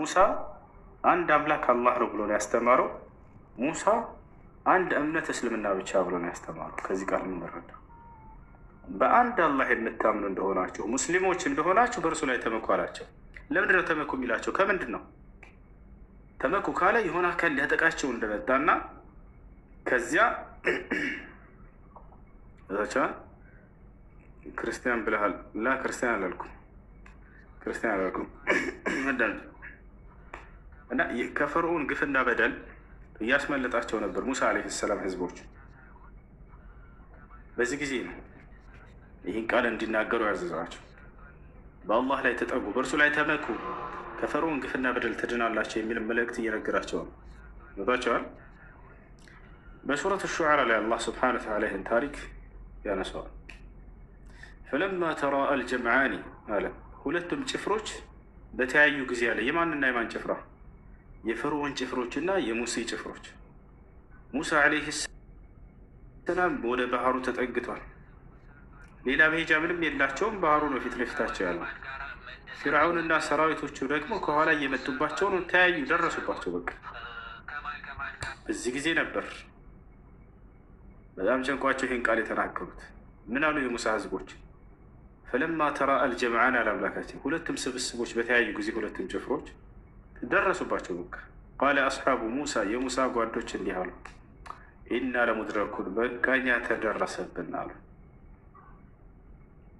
ሙሳ አንድ አምላክ አላህ ነው ብሎ ነው ያስተማረው። ሙሳ አንድ እምነት እስልምና ብቻ ብሎ ነው ያስተማረው። ከዚህ ቃል የምንረዳው በአንድ አላህ የምታምኑ እንደሆናችሁ ሙስሊሞች እንደሆናችሁ በእርሱ ላይ ተመኩ አላቸው። ለምንድን ነው ተመኩ የሚላቸው? ከምንድን ነው ተመኩ ካለ የሆነ አካል ሊያጠቃቸው እንደመጣና ከዚያ ቻ ክርስቲያን ብለሃል ላ ክርስቲያን አላልኩም ክርስቲያን አላልኩም እና ከፈርዖን ግፍና በደል እያስመለጣቸው ነበር ሙሳ ዓለይሂ ሰላም ህዝቦች። በዚህ ጊዜ ነው ይህን ቃል እንዲናገሩ ያዘዛቸው። በአላህ ላይ ተጠጉ፣ በእርሱ ላይ ተመኩ፣ ከፈርዖን ግፍና በደል ትድናላቸው የሚል መልእክት እየነገራቸው ነው። ታቸዋል። በሱረት ሹዓራ ላይ አላህ ስብሓነሁ ወተዓላ ይህን ታሪክ ያነሳዋል። ፈለማ ተራአ አልጀምዓኒ አለ ሁለቱም ጭፍሮች በተያዩ ጊዜ አለ። የማንና የማን ጭፍራ የፈርዖን ጭፍሮችና የሙሴ ጭፍሮች ሙሳ ዓለይህ ሰላም ወደ ባህሩ ተጠግቷል። ሌላ መሄጃ ምንም የላቸውም። ባህሩ ነው ፊት ለፊታቸው ያለ። ፊርዓውንና ሰራዊቶቹ ደግሞ ከኋላ እየመጡባቸው ነው። ተያዩ፣ ደረሱባቸው። በቃ እዚህ ጊዜ ነበር በጣም ጨንቋቸው ይህን ቃል የተናገሩት። ምን አሉ የሙሳ ህዝቦች? ፈለማ ተራ አልጀምዓን አላምላካችን ሁለቱም ስብስቦች በተያዩ ጊዜ ሁለቱም ጭፍሮች ደረሱባቸው። በቃ ቃለ አስሓቡ ሙሳ የሙሳ ጓዶች እንዲህ አሉ፣ ኢና ለሙድረኩን በቃኛ ተደረሰብን አሉ።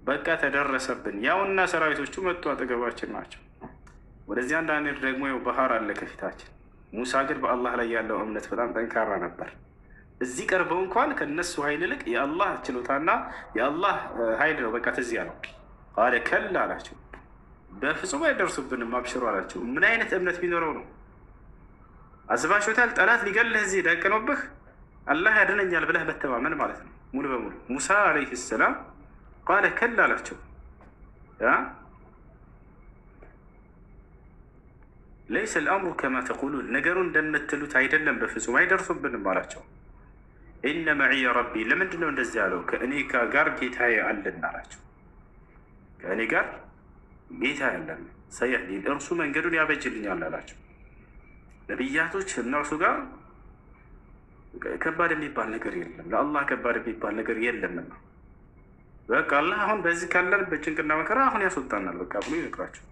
በቃ ተደረሰብን። ያውና ሰራዊቶቹ መጡ፣ አጠገባችን ናቸው። ወደዚህ አንዳንድ ደግሞ ው ባህር አለ ከፊታችን። ሙሳ ግን በአላህ ላይ ያለው እምነት በጣም ጠንካራ ነበር። እዚህ ቀርበው እንኳን ከነሱ ኃይል ይልቅ የአላህ ችሎታና የአላህ ኃይል ነው በቃ ትዝ ነው። ቃለ ከላ አላቸው በፍጹም አይደርሱብንም፣ አብሽሩ አላቸው። ምን አይነት እምነት ቢኖረው ነው? አስባችሁታል? ጠላት ሊገልህ እዚህ ደቅኖብህ አላህ ያድነኛል ብለህ መተማመን ማለት ነው ሙሉ በሙሉ። ሙሳ ዓለይሂ ሰላም ቃለ ከላ አላቸው። ለይሰ ልአምሩ ከማ ተቁሉን፣ ነገሩ እንደምትሉት አይደለም፣ በፍጹም አይደርሱብንም አላቸው። ኢነ መዕየ ረቢ፣ ለምንድነው እንደዚህ አለው? ከእኔ ጋር ጌታዬ አለና አላቸው። ከእኔ ጋር ጌታ ያለን ሰየህዲን እርሱ መንገዱን ያበጅልኛል አላቸው። ነቢያቶች እነርሱ ጋር ከባድ የሚባል ነገር የለም። ለአላህ ከባድ የሚባል ነገር የለም በቃ አላህ አሁን በዚህ ካለንበት ጭንቅና መከራ አሁን ያስወጣናል በቃ ብሎ ይነግራቸው።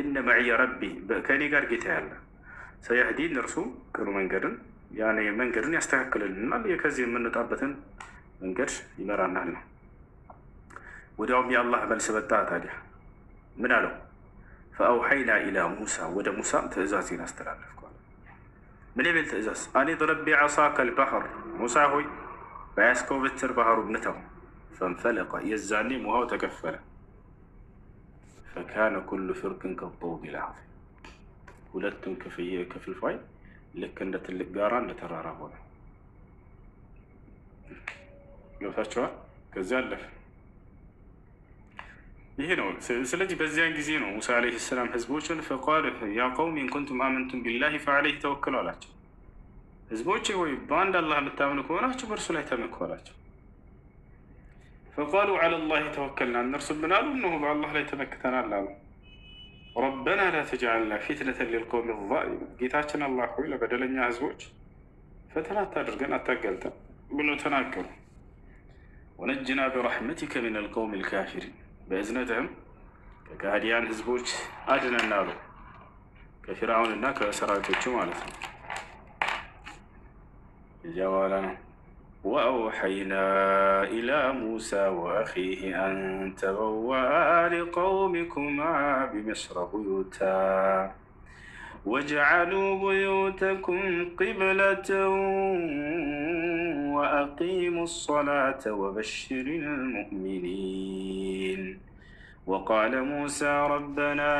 እነ መዕየ ረቢ ከእኔ ጋር ጌታ ያለ ሰየህዲን እርሱ ቅኑ መንገድን ያኔ መንገድን ያስተካክልልናል ከዚህ የምንወጣበትን መንገድ ይመራናል ነው። ወዲያውም የአላህ መልስ በጣ ታዲያ ምን አለው? ፈአውሐይና ኢላ ሙሳ ወደ ሙሳ ትእዛዜን አስተላለፍኳል። ምን የሚል ትእዛዝ? አኒድ ረቢ ዓሳከል ባህር ሙሳ ሆይ በያዝከው በትር ባህሩን ንታው። ፈንፈለቀ የዛኔ ውሃው ተከፈለ። ፈካነ ኩሉ ፍርቅን ከጠውድ ልዓዚም ሁለቱም ክፍልፋይ ልክ እንደ ትልቅ ጋራ እንደ ተራራ ሆነ። ገብታችኋል? ከዚያ አለፈ ይሄ ነው። ስለዚህ በዚያን ጊዜ ነው ሙሳ ዓለይሂ ሰላም ህዝቦችን ፈቃል ያ ቀውም ኢንኩንቱም አመንቱም ቢላሂ ፈዓለይህ ተወክሉ አላቸው። ህዝቦቼ ወይ በአንድ አላህ የምታምኑ ከሆናችሁ በእርሱ ላይ ተመኩ አላቸው። ፈቃሉ ዓላ ተወከልና እነርሱ ብናሉ እነሆ በአላህ ላይ ተመክተናል አሉ። ረበና ላ ተጅዓልና ፊትነተን ሊልቀውም ዛሊም ጌታችን አላህ ሆይ ለበደለኛ ህዝቦች ፈተና አታድርገን አታገልጠን ብሎ ተናገሩ። ወነጅና ብረሕመቲከ ሚነል ቀውም ልካፊሪን በእዝነትህም ከካህዲያን ህዝቦች አድነን አሉ። ከፊርዓውንና ከሰራዊቶቹ ማለት ነው። እዚያ በኋላ ነው وأوحينا إلى موسى وأخيه أن تبوأ لقومكما بمصر بيوتا واجعلوا بيوتكم قبلة وأقيموا الصلاة وبشر المؤمنين وقال موسى ربنا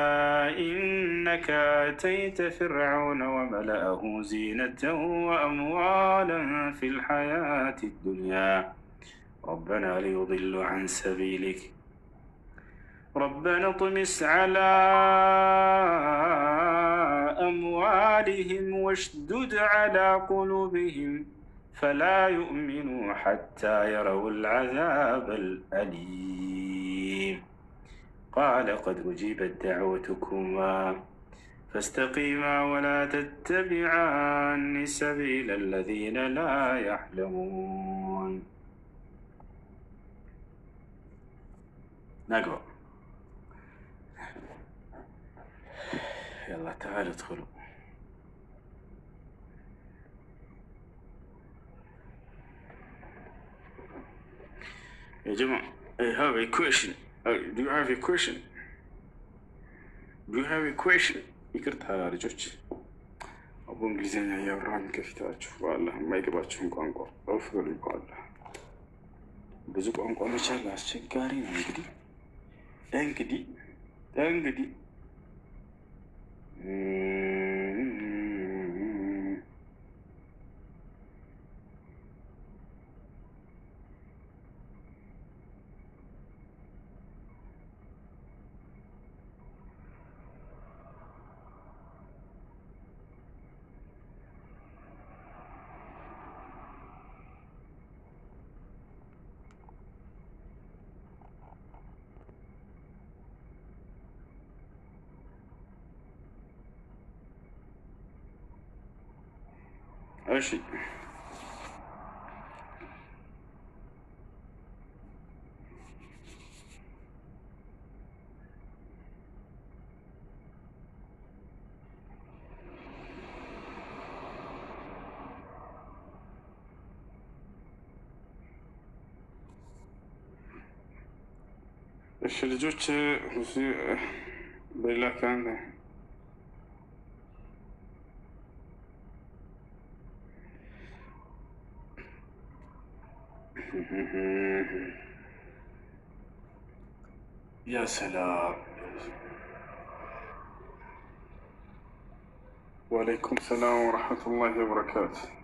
إنك آتيت فرعون وملأه زينة وأموالا في الحياة الدنيا ربنا ليضلوا عن سبيلك ربنا اطمس على أموالهم واشدد على قلوبهم فلا يؤمنوا حتى يروا العذاب الأليم قال قد أجيبت دعوتكما فاستقيما ولا تتبعان سبيل الذين لا يعلمون نقرأ يلا تعالوا ادخلوا Hey جماعة I have a question uh, do you have a question do you have a question ይቅርታ ልጆች አቦ እንግሊዝኛ እያወራኝ ከፊታችሁ በአላህ የማይገባችሁን ቋንቋ እፍ በሉኝ ብዙ ቋንቋ መቻል አስቸጋሪ ነው እንግዲህ እንግዲህ እንግዲህ Her şey. እሺ ልጆች በሌላ ፕላን يا سلام وعليكم السلام ورحمة الله وبركاته